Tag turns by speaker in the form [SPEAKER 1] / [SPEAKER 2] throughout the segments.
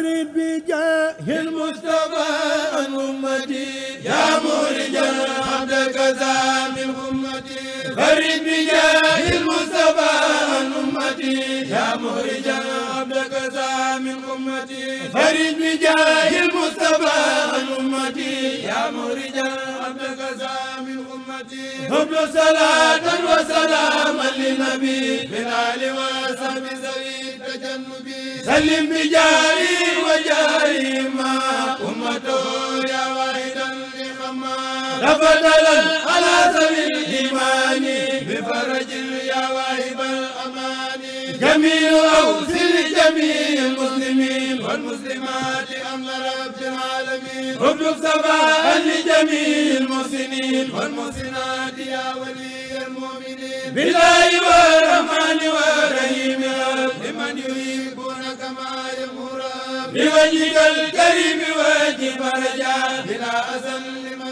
[SPEAKER 1] murid bi jaahil Mustafa an ummati yaa murijan abdaka zaamil ummati murid bi jaahil Mustafa an ummati yaa murijan abdaka zaamil ummati murid bi jaahil Mustafa an ummati yaa murijan abdaka zaamil ummati hablu salaatan wa salaaman li nabi min aali wa sahbi zawi tajannubi
[SPEAKER 2] sallim bi jaahil رفضلا
[SPEAKER 1] على سبيل الإيمان بفرج يا واهب الأمان
[SPEAKER 2] جميل أوصل جميع
[SPEAKER 1] المسلمين والمسلمات أمن رب العالمين ابلغ سبعا لجميع المحسنين والمحسنات يا ولي المؤمنين بالله والرحمن والرحيم لمن يحبون كما يمر بوجهك الكريم واجب رجاء بلا أزل لمن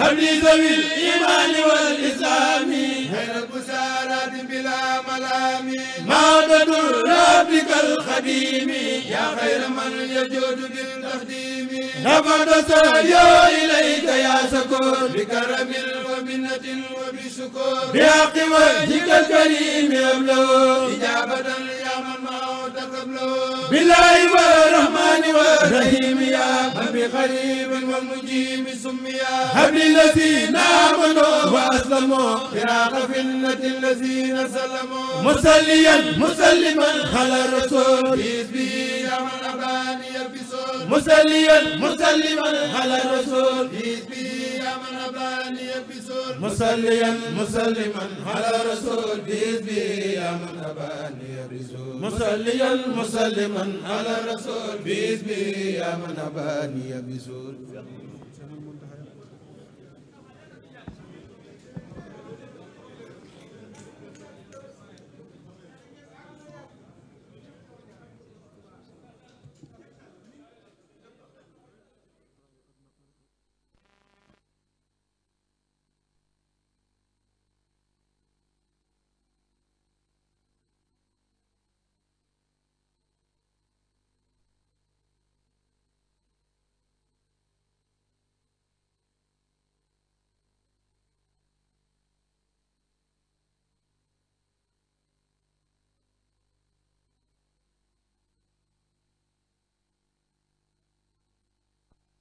[SPEAKER 1] هب لذوي الإيمان والإسلام خير البشارات بلا ملام
[SPEAKER 2] مادة ربك
[SPEAKER 1] الخديم يا خير من يجود بالتخديم نبض سرايا إليك يا سكور بكرم ومنة وبشكور بحق وجهك الكريم يبلغ إجابة يا من ما قبله بالله ورحمة الرحيم يا هب قريب والمجيب سم يا هب الذين آمنوا وأسلموا يا غفلة الذين سلموا مسليا مسلما على الرسول بإذنه يا من أباني يلبسون مسليا مسلما على الرسول بإذنه من أباني بسور مصليا مسلما على رسول بإذنه يا من أباني بسور مصليا مسلما على رسول بإذنه يا من أباني بسور